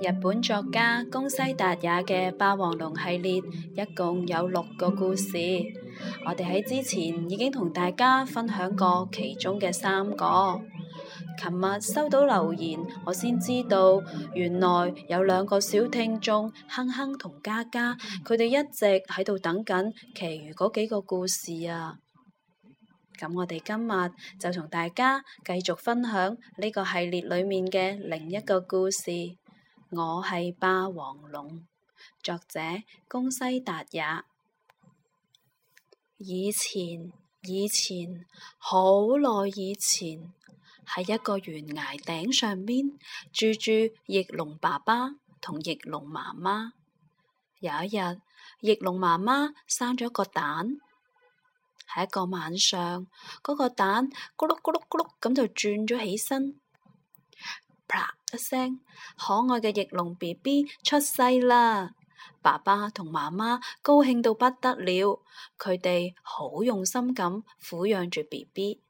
日本作家宮西達也嘅《霸王龍》系列一共有六個故事。我哋喺之前已經同大家分享過其中嘅三個。琴日收到留言，我先知道原來有兩個小聽眾哼哼同嘉嘉，佢哋一直喺度等緊其餘嗰幾個故事啊。咁我哋今日就同大家繼續分享呢個系列裏面嘅另一個故事。我係霸王龍，作者宮西達也。以前，以前，好耐以前，喺一個懸崖頂上面，住住翼龍爸爸同翼龍媽媽。有一日，翼龍媽媽生咗一個蛋，喺一個晚上，嗰個蛋咕碌咕碌咕碌咁就轉咗起身，啪！一聲，可愛嘅翼龍 B B 出世啦！爸爸同媽媽高興到不得了，佢哋好用心咁撫養住 B B。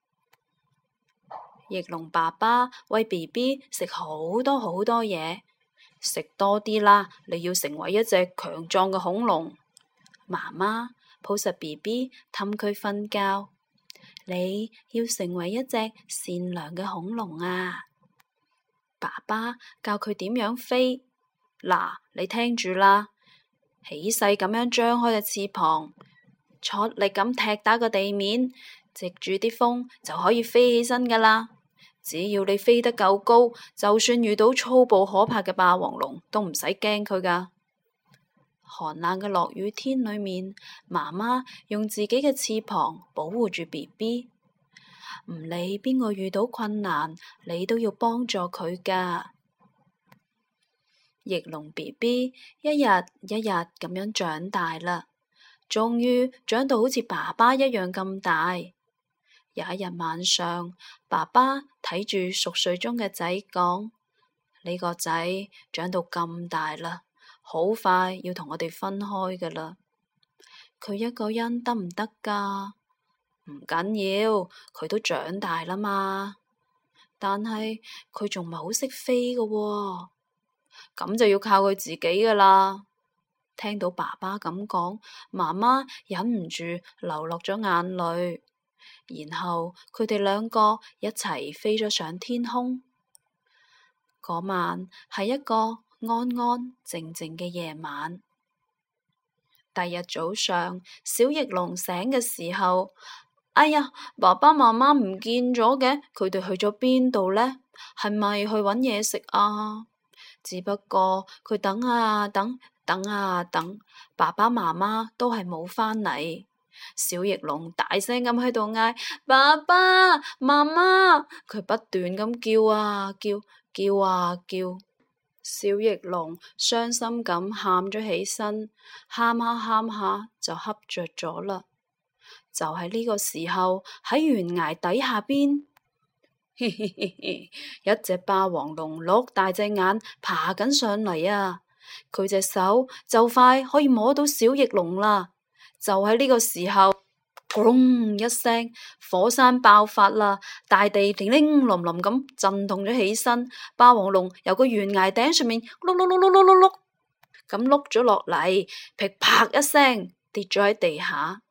翼龍爸爸餵 B B 食好多好多嘢，食多啲啦！你要成為一隻強壯嘅恐龍。媽媽抱實 B B，氹佢瞓覺。你要成為一隻善良嘅恐龍啊！爸爸教佢點樣飛嗱，你聽住啦，起勢咁樣張開隻翅膀，坐力咁踢打個地面，藉住啲風就可以飛起身噶啦。只要你飛得夠高，就算遇到粗暴可怕嘅霸王龍，都唔使驚佢噶。寒冷嘅落雨天裏面，媽媽用自己嘅翅膀保護住 BB。唔理邊個遇到困難，你都要幫助佢噶。翼龍 BB 一日一日咁樣長大啦，終於長到好似爸爸一樣咁大。有一日晚上，爸爸睇住熟睡中嘅仔講：「呢個仔長到咁大啦，好快要同我哋分開噶啦，佢一個人得唔得噶？唔緊要，佢都長大啦嘛。但係佢仲唔係好識飛嘅喎，咁就要靠佢自己噶啦。聽到爸爸咁講，媽媽忍唔住流落咗眼淚。然後佢哋兩個一齊飛咗上天空。嗰晚係一個安安靜靜嘅夜晚。第二日早上，小翼龍醒嘅時候。哎呀，爸爸媽媽唔見咗嘅，佢哋去咗邊度呢？係咪去揾嘢食啊？只不過佢等啊等，等啊等，爸爸媽媽都係冇返嚟。小翼龍大聲咁喺度嗌爸爸媽媽，佢不斷咁叫啊叫叫啊叫。小翼龍傷心咁喊咗起身，喊下喊下就瞌着咗啦。就喺呢個時候，喺懸崖底下邊， 一隻霸王龍碌大隻眼爬緊上嚟啊！佢隻手就快可以摸到小翼龍啦。就喺、是、呢個時候，轟一聲火山爆發啦，大地叮叮隆隆咁震動咗起身，霸王龍由個懸崖頂上面碌碌碌碌碌碌碌咁碌咗落嚟，噼啪一聲跌咗喺地下。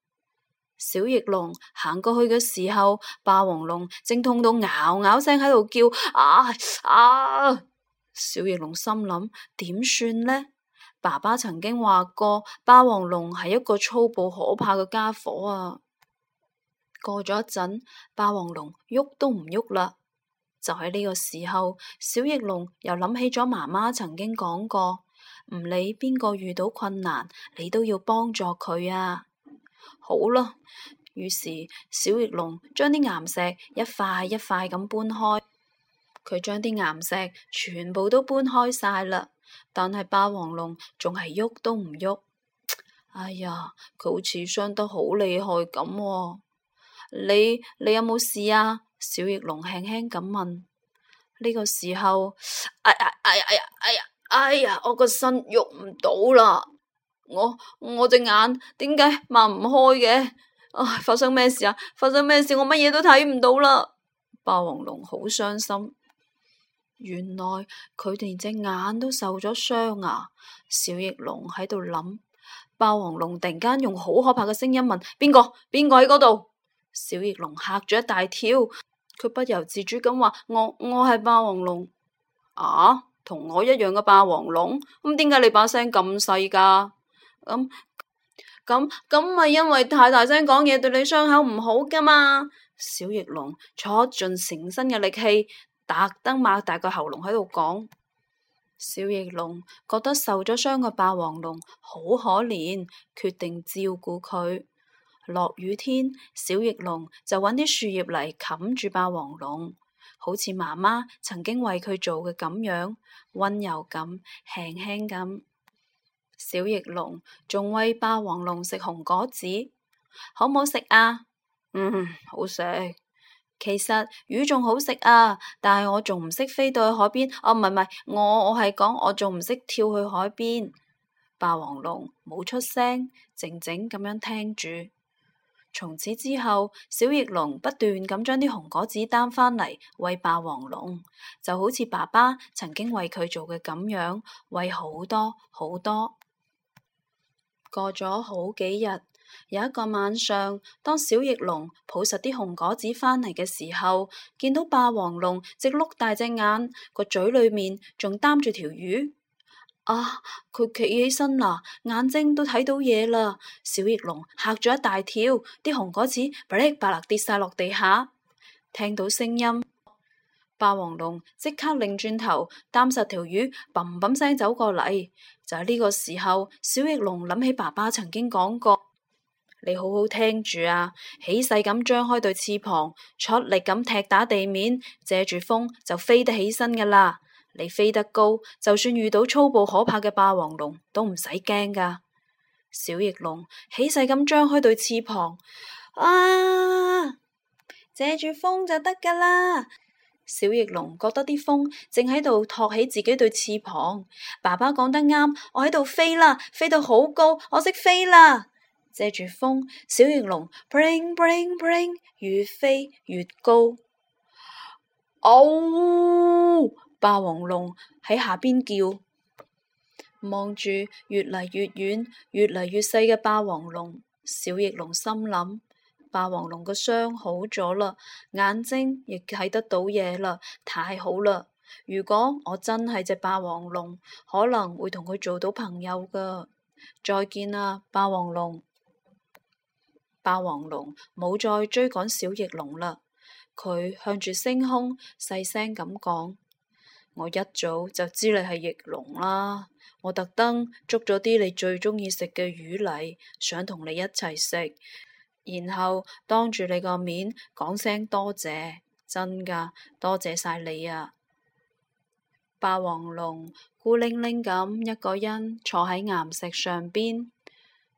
小翼龍行過去嘅時候，霸王龍正痛到咬咬聲喺度叫，啊啊！小翼龍心諗：點算呢？爸爸曾經話過，霸王龍係一個粗暴可怕嘅家伙啊。過咗一陣，霸王龍喐都唔喐啦。就喺呢個時候，小翼龍又諗起咗媽媽曾經講過：唔理邊個遇到困難，你都要幫助佢啊。好啦，於是小翼龍將啲岩石一塊一塊咁搬開，佢將啲岩石全部都搬開晒啦。但係霸王龍仲係喐都唔喐，哎呀，佢好似傷得好厲害咁喎。你，你有冇事啊？小翼龍輕輕咁問。呢個時候，哎呀哎呀哎呀哎呀哎呀，我個身喐唔到啦。我我隻眼點解擘唔開嘅？唉、啊，發生咩事啊？發生咩事？我乜嘢都睇唔到啦！霸王龍好傷心，原來佢連隻眼都受咗傷啊！小翼龍喺度諗，霸王龍突然間用好可怕嘅聲音問：邊個？邊個喺嗰度？小翼龍吓咗一大跳，佢不由自主咁話：我我係霸王龍啊！同我一樣嘅霸王龍，咁點解你把聲咁細噶？咁咁咁，咪、嗯嗯嗯嗯、因為太大聲講嘢，對你傷口唔好噶嘛？小翼龍，坐盡成身嘅力氣，特登擘大個喉嚨喺度講。小翼龍覺得受咗傷嘅霸王龍好可憐，決定照顧佢。落雨天，小翼龍就揾啲樹葉嚟冚住霸王龍，好似媽媽曾經為佢做嘅咁樣，温柔咁，輕輕咁。小翼龍仲餵霸王龍食紅果子，好唔好食啊？嗯，好食。其實魚仲好食啊，但係我仲唔識飛到去海邊。哦，唔係唔係，我我係講我仲唔識跳去海邊。霸王龍冇出聲，靜靜咁樣聽住。從此之後，小翼龍不斷咁將啲紅果子擔返嚟餵霸王龍，就好似爸爸曾經為佢做嘅咁樣，餵好多好多。過咗好幾日，有一個晚上，當小翼龍抱實啲紅果子返嚟嘅時候，見到霸王龍直碌大隻眼，個嘴裏面仲擔住條魚。啊！佢企起身啦，眼睛都睇到嘢啦。小翼龍吓咗一大跳，啲紅果子噼里啪啦跌晒落地下，聽到聲音。霸王龍即刻擰轉頭，擔實條魚，砰砰聲走過嚟。就喺呢個時候，小翼龍諗起爸爸曾經講過：「你好好聽住啊，起勢咁張開對翅膀，出力咁踢打地面，借住風就飛得起身噶啦。你飛得高，就算遇到粗暴可怕嘅霸王龍，都唔使驚噶。」小翼龍起勢咁張開對翅膀，啊，借住風就得噶啦。小翼龍覺得啲風正喺度托起自己對翅膀，爸爸講得啱，我喺度飛啦，飛到好高，我識飛啦，借住風，小翼龍 bling bling bling，越飛越高。哦、oh，霸王龍喺下邊叫，望住越嚟越遠、越嚟越細嘅霸王龍，小翼龍心諗。霸王龍嘅傷好咗啦，眼睛亦睇得到嘢啦，太好啦！如果我真係隻霸王龍，可能會同佢做到朋友噶。再見啦，霸王龍！霸王龍冇再追趕小翼龍啦，佢向住星空細聲咁講：「我一早就知你係翼龍啦，我特登捉咗啲你最鍾意食嘅魚嚟，想同你一齊食。然後當住你個面講聲多謝，真㗎多謝晒你啊！霸王龍孤零零咁一個人坐喺岩石上邊，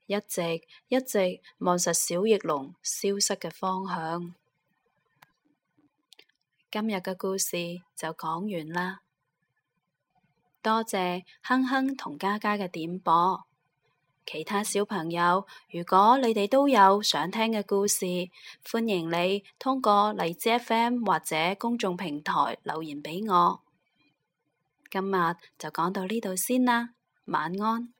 一直一直望實小翼龍消失嘅方向。今日嘅故事就講完啦，多謝亨亨同嘉嘉嘅點播。其他小朋友，如果你哋都有想聽嘅故事，歡迎你通過荔枝 FM 或者公眾平台留言畀我。今日就講到呢度先啦，晚安。